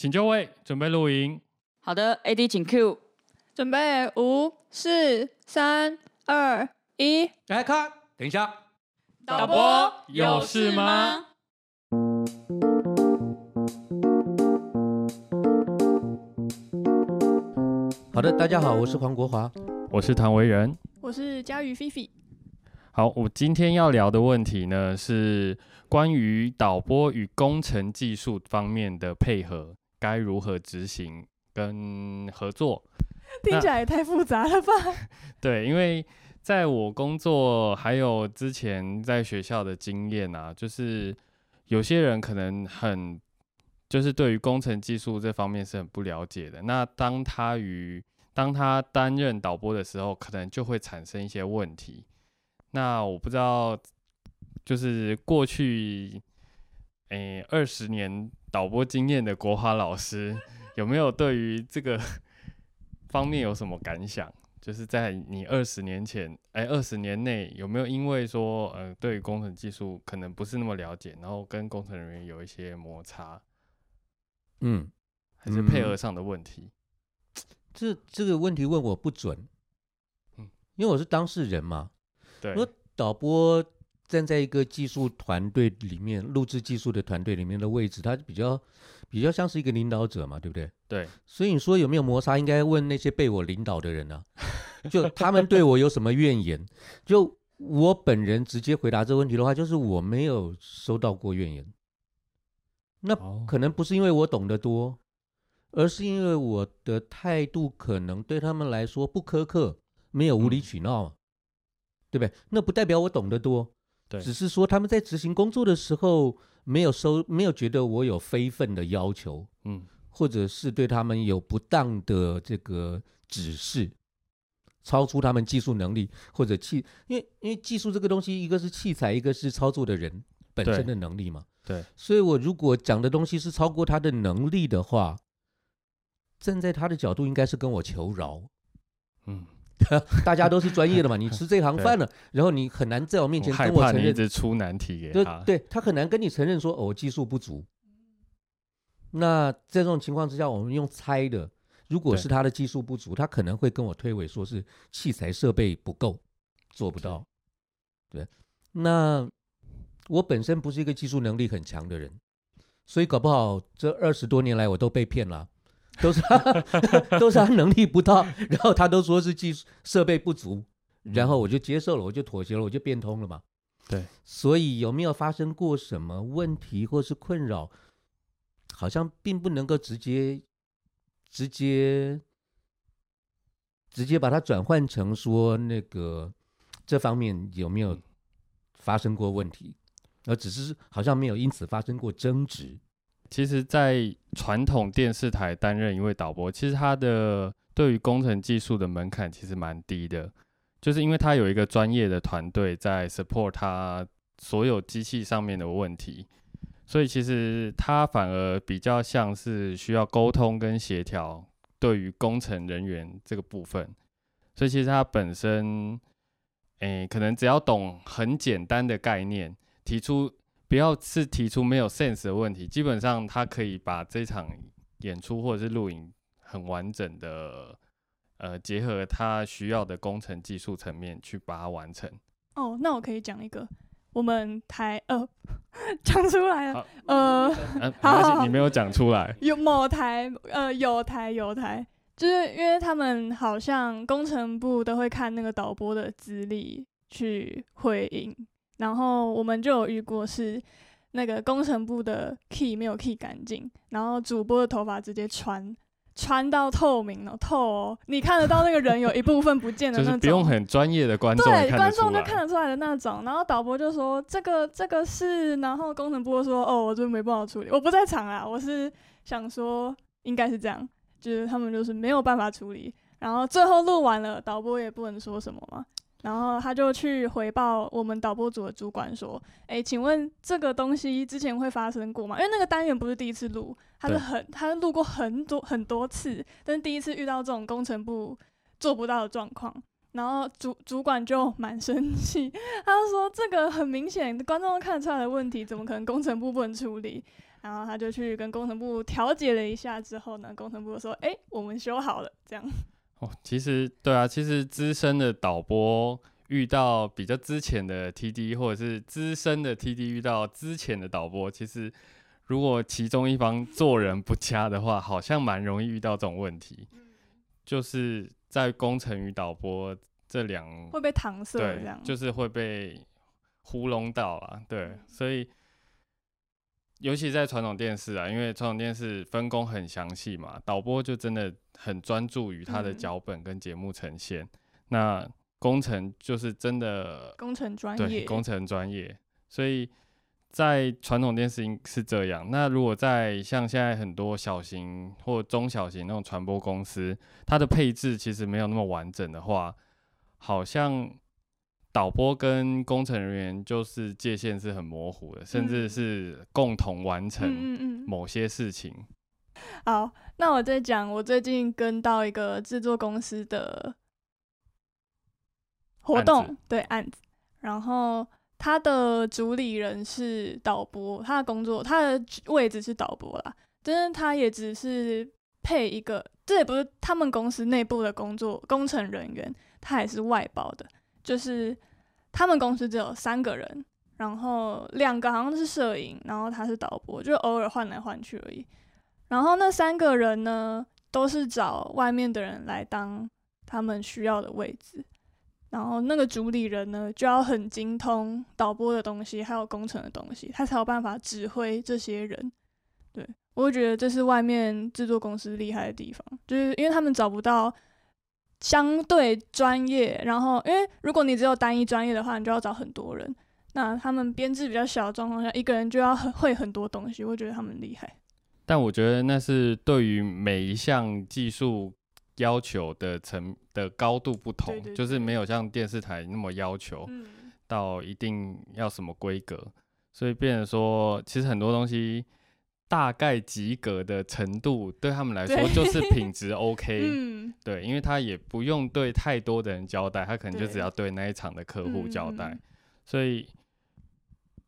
請就位，準備錄音。好的，AD 請 Q，準備五、四、三、二、一，來看，等一下，導播有事嗎？好的，大家好，我是黃國華，我是唐唯仁，我是嘉瑜 Fifi。好，我今天要聊的問題呢，是關於導播與工程技術方面的配合。該如何執行跟合作？聽起來也太複雜了吧？對，因為在我工作還有之前在學校的經驗啊，就是有些人可能很就是對於工程技術這方面是很不了解的。那當他與當他擔任導播的時候，可能就會產生一些問題。那我不知道，就是過去誒二十年。導播經驗的國華老師有沒有對於這個方面有什麼感想？就是在你二十年前，誒、欸，二十年內有沒有因為說，呃，對於工程技術可能不是那麼了解，然後跟工程人員有一些摩擦？嗯，還是配合上的問題？嗯嗯、這這個問題問我不準，嗯，因為我是當事人嘛。對，我導播。站在一個技術團隊裡面，錄製技術的團隊裡面的位置，他比較比較像是一個領導者嘛，對不對？對。所以你說有沒有摩擦，應該問那些被我領導的人呢、啊？就他們對我有什麼怨言？ 就我本人直接回答這個問題的話，就是我沒有收到過怨言。那可能不是因為我懂得多，而是因為我的態度可能對他們來說不苛刻，沒有無理取鬧嘛，嗯、對不對？那不代表我懂得多。對，只是說他們在執行工作的時候，沒有收，沒有覺得我有非分的要求，嗯，或者是對他們有不當的這個指示，超出他們技術能力或者器，因為因為技術這個東西，一個是器材，一個是操作的人本身的能力嘛，對，對，所以我如果講的東西是超過他的能力的話，站在他的角度，應該是跟我求饒，嗯。 大家都是專業的嘛，你吃這行飯了。 對然後你很難在我面前跟我承認，這出難題耶。對、啊、對，他很難跟你承認說哦，技術不足。那在這種情況之下，我們用猜的，如果是他的技術不足，對他可能會跟我推諉說是器材設備不夠，做不到。對，對，那我本身不是一個技術能力很強的人，所以搞不好這二十多年來我都被騙了，啊。都是他， 都是他能力不到， 然後他都說是技術設備不足，然後我就接受了，我就妥協了，我就變通了嘛。對，所以有沒有發生過什麼問題或是困擾？好像並不能夠直接、直接、直接把它轉換成說那個這方面有沒有發生過問題，而只是好像沒有因此發生過爭執。其實，在傳統電視台擔任一位導播，其實他的對於工程技術的門檻其實蠻低的，就是因為他有一個專業的團隊在 support 他所有機器上面的問題，所以其實他反而比較像是需要溝通跟協調對於工程人員這個部分，所以其實他本身，誒、欸，可能只要懂很簡單的概念，提出。不要是提出沒有 sense 的問題，基本上他可以把這場演出或者是錄影很完整的，呃，結合他需要的工程技術層面去把它完成。哦，那我可以講一個，我們台呃講出，出來，呃，好，你沒有講出來，有某台呃有台有台，就是因為他們好像工程部都會看那個導播的資歷去回應。然後我們就有遇過是那個工程部的 key 沒有 key 乾淨，然後主播的頭髮直接穿穿到透明了，哦，透哦，你看得到那個人有一部分不見的那種， 就是不用很專業的觀眾對，觀眾就看得出來的那種。然後導播就說這個這個是，然後工程部說哦，我就沒辦法處理，我不在場啊，我是想說應該是這樣，就是他們就是沒有辦法處理。然後最後錄完了，導播也不能說什麼嘛。然後他就去回報我們導播組的主管說：“欸，請問這個東西之前會發生過嗎？因為那個單元不是第一次錄，他是很他錄過很多很多次，但第一次遇到這種工程部做不到的狀況。然後主主管就蠻生氣，他就說這個很明顯觀眾看出來的問題，怎麼可能工程部不能處理？然後他就去跟工程部調解了一下之後呢，工程部就說：欸，我們修好了，這樣。”哦，其實對啊，其實資深的導播遇到比較資淺的 TD，或者是資深的 TD 遇到資淺的導播，其實如果其中一方做人不佳的話，好像蠻容易遇到這種問題，嗯、就是在工程與導播這兩會被搪塞這樣，就是會被糊弄到啊，對，嗯、所以。尤其在傳統電視啊，因為傳統電視分工很詳細嘛，導播就真的很專注於它的腳本跟節目呈現，嗯。那工程就是真的工程專業，對，工程專業。所以在傳統電視是這樣，那如果在像現在很多小型或中小型那種傳播公司，它的配置其實沒有那麼完整的話，好像。導播跟工程人員就是界限是很模糊的，甚至是共同完成某些事情。嗯嗯嗯、好，那我再講我最近跟到一個製作公司的活動，案子，對，案子，然後他的主理人是導播，他的工作他的位置是導播啦，但是他也只是配一個，這也不是他們公司內部的工作，工程人員他也是外包的。就是他們公司只有三個人，然後兩個好像是攝影，然後他是導播，就偶爾換來換去而已。然後那三個人呢，都是找外面的人來當他們需要的位置。然後那個主理人呢，就要很精通導播的東西，還有工程的東西，他才有辦法指揮這些人。對，我覺得這是外面制作公司厲害的地方，就是因為他們找不到。相對專業，然後因為如果你只有單一專業的話，你就要找很多人。那他們編制比較小的狀況下，一個人就要很會很多東西，我覺得他們厲害。但我覺得那是對於每一項技術要求的層的高度不同，對對對，就是沒有像電視台那麼要求到一定要什麼規格，嗯、所以變成說，其實很多東西。大概及格的程度對他們來說對 就是品質 OK， 嗯、對，因為他也不用對太多的人交代，他可能就只要對那一場的客戶交代，對嗯、所以，誒、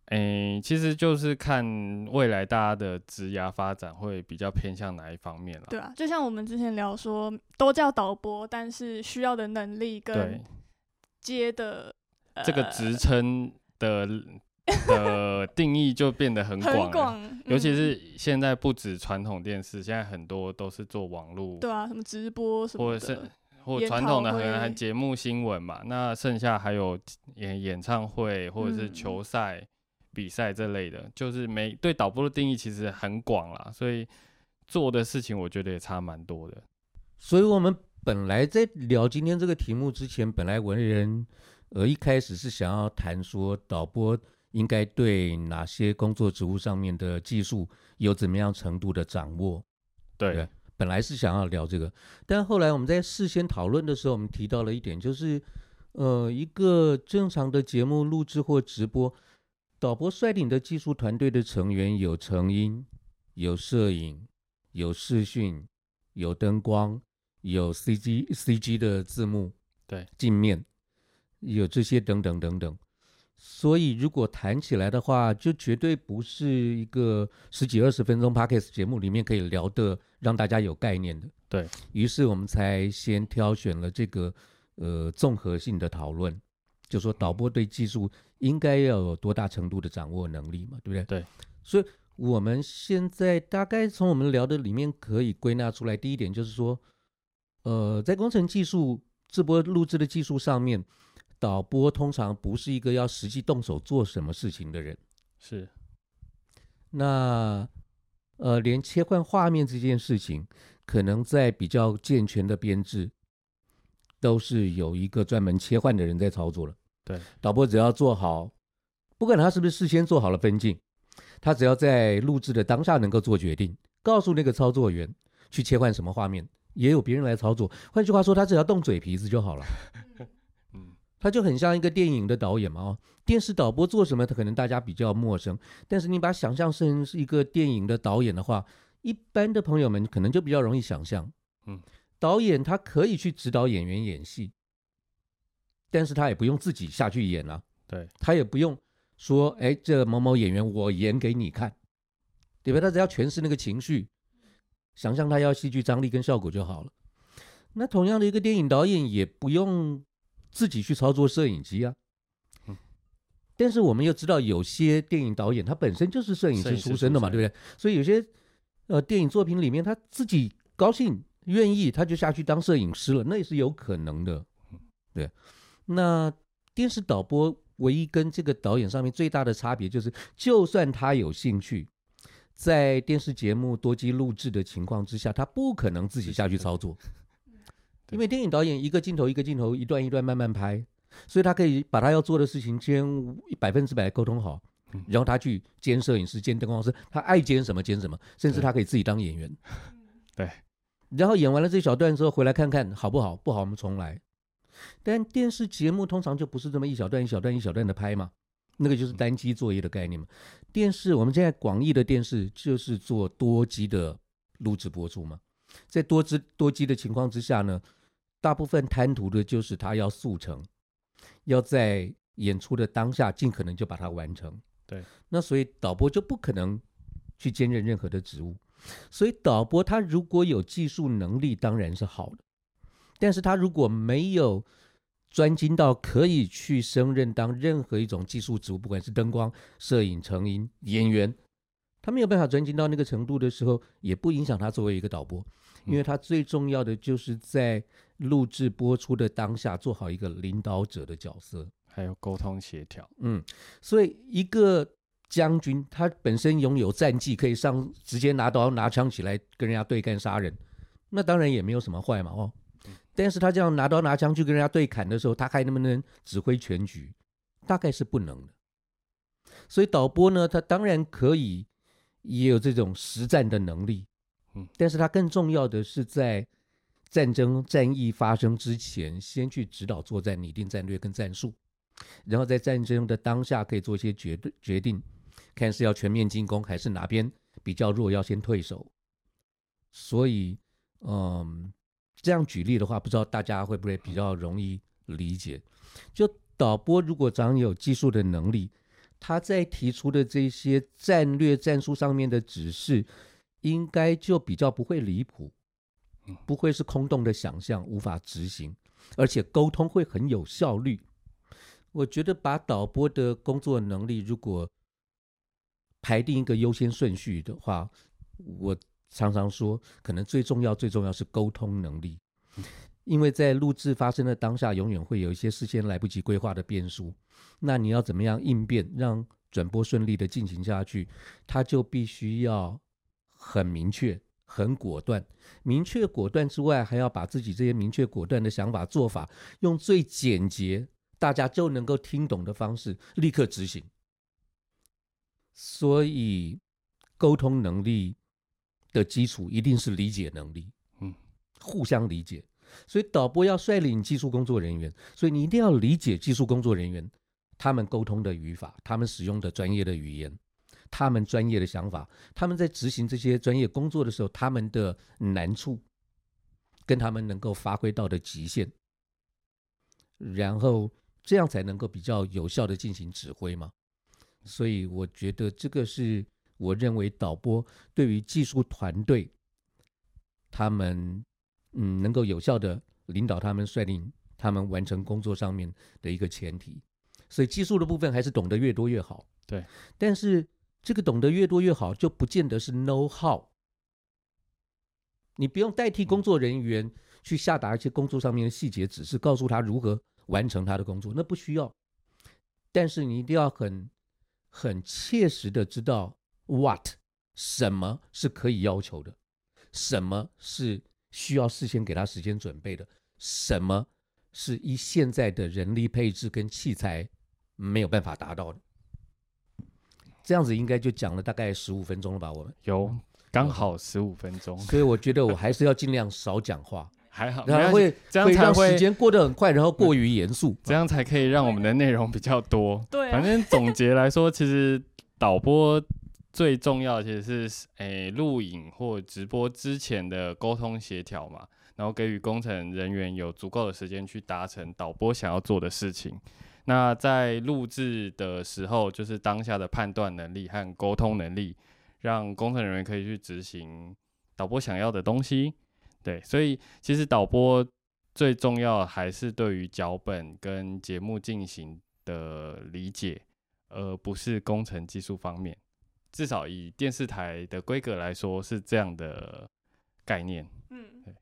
欸，其實就是看未來大家的職涯發展會比較偏向哪一方面了。對啊，就像我們之前聊說，都叫導播，但是需要的能力跟接的這個職稱的。 的定義就變得很廣，很廣、嗯、尤其是現在不止傳統電視，現在很多都是做網絡，對啊，什麼直播什麼或，或者是或傳統的可能還節目新聞嘛，那剩下還有演演唱會或者是球賽、嗯、比賽這類的，就是每對導播的定義其實很廣啦，所以做的事情我覺得也差蠻多的。所以我們本來在聊今天這個題目之前，本來唯仁呃一開始是想要談說導播。應該對哪些工作職務上面的技術有怎麼樣程度的掌握？對，對，本來是想要聊這個，但後來我們在事先討論的時候，我們提到了一點，就是呃，一個正常的節目錄製或直播，導播率領的技術團隊的成員有成音、有攝影、有視訊、有燈光、有 CG、CG 的字幕、對，鏡面、有這些等等等等。所以，如果談起來的話，就絕對不是一個十幾二十分鐘 Podcast 節目裡面可以聊得，讓大家有概念的。對。於是，我們才先挑選了這個呃綜合性的討論，就說導播對技術應該要有多大程度的掌握能力嘛，對不對？對。所以，我們現在大概從我們聊的裡面可以歸納出來，第一點就是說，呃，在工程技術製播錄制的技術上面。導播通常不是一個要實際動手做什麼事情的人，是。那，呃，連切換畫面這件事情，可能在比較健全的編製，都是有一個專門切換的人在操作了。對，導播只要做好，不管他是不是事先做好了分鏡，他只要在錄製的當下能夠做決定，告訴那個操作員去切換什麼畫面，也有別人來操作。換句話說，他只要動嘴皮子就好了。 他就很像一個電影的導演嘛，哦，電視導播做什麼？他可能大家比較陌生，但是你把想象成是一個電影的導演的話，一般的朋友們可能就比較容易想象。嗯，導演他可以去指導演員演戲，但是他也不用自己下去演啊。對，他也不用說，哎，這某某演員我演給你看，對吧？他只要詮釋那個情緒，想象他要戲劇張力跟效果就好了。那同樣的一個電影導演也不用。自己去操作攝影機啊，但是我們又知道，有些電影導演他本身就是攝影，影師出身的嘛，對不對？所以有些呃電影作品裡面，他自己高興願意，他就下去當攝影師了，那也是有可能的。對，那電視導播唯一跟這個導演上面最大的差別就是，就算他有興趣，在電視節目多機錄制的情況之下，他不可能自己下去操作。嗯。嗯。嗯。嗯。嗯因為電影導演一個鏡頭一個鏡頭，一段一段慢慢拍，所以他可以把他要做的事情先百分之百溝通好，然後他去兼攝影師、兼燈光師，他愛兼什麼兼什麼，甚至他可以自己當演員，對。對，然後演完了這一小段之後回來看看好不好，不好我們重來。但電視節目通常就不是這麼一小段一小段一小段的拍嘛，那個就是單機作業的概念嘛。電視我們現在廣義的電視就是做多機的錄製播出嘛，在多機多機的情況之下呢，大部分貪圖的就是他要速成，要在演出的當下盡可能就把它完成。對，那所以導播就不可能去兼任任何的職務。所以導播他如果有技術能力，當然是好的，但是他如果沒有專精到可以去勝任當任何一種技術職務，不管是燈光、攝影、成音、演員，他沒有辦法專精到那個程度的時候，也不影響他作為一個導播。因為他最重要的就是在錄製播出的當下做好一個領導者的角色，還有溝通協調。嗯，所以一個將軍他本身擁有戰績，可以上直接拿刀拿槍起來跟人家對幹殺人，那當然也沒有什麼壞嘛哦。但是他這樣拿刀拿槍去跟人家對砍的時候，他還能不能指揮全局？大概是不能的。所以導播呢，他當然可以也有這種實戰的能力。但是他更重要的是，在戰爭戰役發生之前，先去指導作戰、擬定戰略跟戰術，然後在戰爭的當下可以做一些決決定，看是要全面進攻還是哪邊比較弱要先退守。所以，嗯，這樣舉例的話，不知道大家會不會比較容易理解？就導播如果長有技術的能力，他在提出的這些戰略戰術上面的指示。應該就比較不會離譜，不會是空洞的想象，無法執行，而且溝通會很有效率。我覺得把導播的工作能力如果排定一個優先順序的話，我常常說，可能最重要、最重要是溝通能力，因為在錄製發生的當下，永遠會有一些事先來不及規劃的變數，那你要怎麼樣應變，讓轉播順利的進行下去，他就必須要。很明確，很果斷。明確果斷之外，還要把自己這些明確果斷的想法做法，用最簡潔、大家就能夠聽懂的方式，立刻執行。所以，溝通能力的基礎一定是理解能力，嗯，互相理解。所以，導播要率領技術工作人員，所以你一定要理解技術工作人員，他們溝通的語法，他們使用的專業的語言。他們專業的想法，他們在執行這些專業工作的時候，他們的難處跟他們能夠發揮到的極限，然後這樣才能夠比較有效的進行指揮嘛。所以我覺得這個是我認為導播對於技術團隊，他們嗯能夠有效的領導他們、率領他們完成工作上面的一個前提。所以技術的部分還是懂得越多越好。對，但是。這個懂得越多越好，就不見得是 know how。你不用代替工作人員去下達一些工作上面的細節，只是告訴他如何完成他的工作，那不需要。但是你一定要很很切實的知道 what 什麼是可以要求的，什麼是需要事先給他時間準備的，什麼是以現在的人力配置跟器材沒有辦法達到的。這樣子應該就講了大概十五分鐘了吧？我們有剛好十五分鐘， 所以我覺得我還是要儘量少講話，還好。然後會這樣才會，會時間過得很快，然後過於嚴肅、嗯，這樣才可以讓我們的內容比較多。對、嗯，反正總結來說， 其實導播最重要的其實是誒、哎，錄影或直播之前的溝通協調嘛。然後給予工程人員有足夠的時間去達成導播想要做的事情。那在錄制的時候，就是當下的判斷能力和溝通能力，讓工程人員可以去執行導播想要的東西。對，所以其實導播最重要還是對於腳本跟節目進行的理解，而不是工程技術方面。至少以電視台的規格來說是這樣的概念。嗯，對。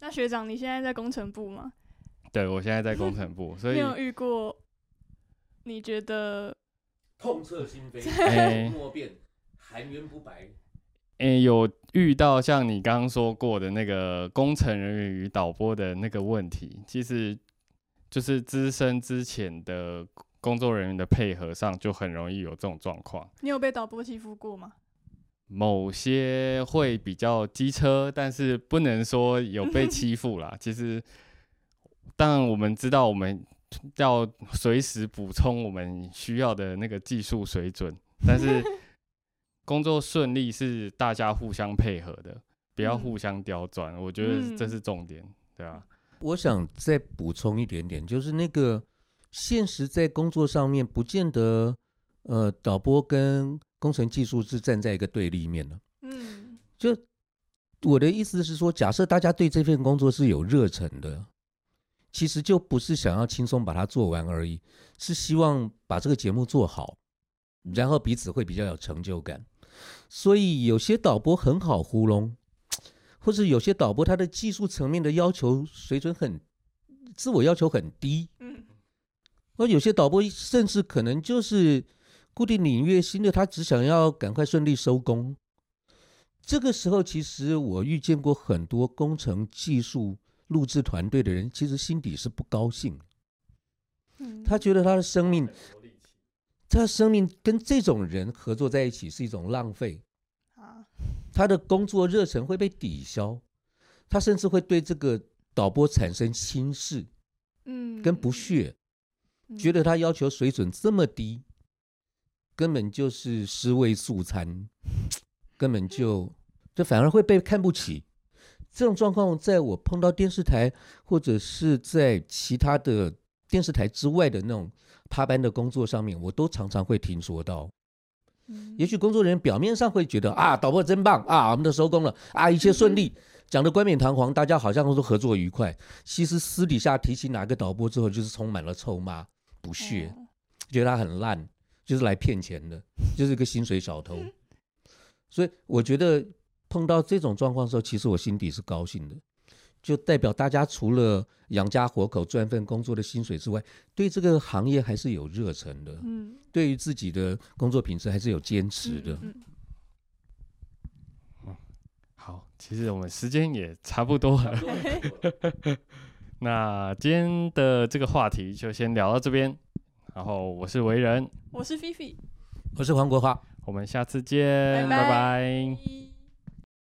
那學長，你現在在工程部嗎？對，我現在在工程部，嗯、所以有遇過。你覺得痛徹心扉，莫辯含冤不白。哎，有遇到像你剛剛說過的那個工程人員與導播的那個問題，其實就是資深之前的工作人員的配合上，就很容易有這種狀況。你有被導播欺負過嗎？某些會比較機車，但是不能說有被欺負啦。嗯、哼其實，當然我們知道我們要隨時補充我們需要的那個技術水準。但是工作順利是大家互相配合的，嗯、不要互相刁鑽，我覺得這是重點，嗯、對吧？啊？我想再補充一點點，就是那個現實，在工作上面不見得，呃，導播跟。工程技術是站在一個對立面的。嗯，就我的意思是說，假設大家對這份工作是有熱忱的，其實就不是想要輕鬆把它做完而已，是希望把這個節目做好，然後彼此會比較有成就感。所以有些導播很好糊弄，或是有些導播他的技術層面的要求水準很，自我要求很低。嗯，而有些導播甚至可能就是。固定領月薪的他只想要趕快順利收工。這個時候，其實我遇見過很多工程技術錄製團隊的人，其實心底是不高興、嗯、他覺得他的生命，他的生命跟這種人合作在一起是一種浪費啊。好他的工作熱忱會被抵消，他甚至會對這個導播產生輕視，嗯，跟不屑，嗯、覺得他要求水準這麼低。根本就是尸位素餐，根本就這反而會被看不起。這種狀況，在我碰到電視台，或者是在其他的電視台之外的那種趴班的工作上面，我都常常會聽說到。嗯、也許工作人員表面上會覺得、嗯、啊，導播真棒啊，我們都收工了、嗯、啊，一切順利，講的、嗯、冠冕堂皇，大家好像都合作愉快。其實私底下提起哪個導播之後，就是充滿了臭罵、不屑，嗯、覺得他很爛。就是來騙錢的，就是一個薪水小偷。嗯，所以我覺得碰到這種狀況的時候，其實我心底是高興的，就代表大家除了養家活口賺份工作的薪水之外，對這個行業還是有熱忱的。嗯，對於自己的工作品質還是有堅持的。嗯，嗯，嗯，好，其實我們時間也差不多了， 那今天的這個話題就先聊到這邊。然後我是唯仁，我是 Fifi，我是黃國華，我們下次見，拜拜。Bye bye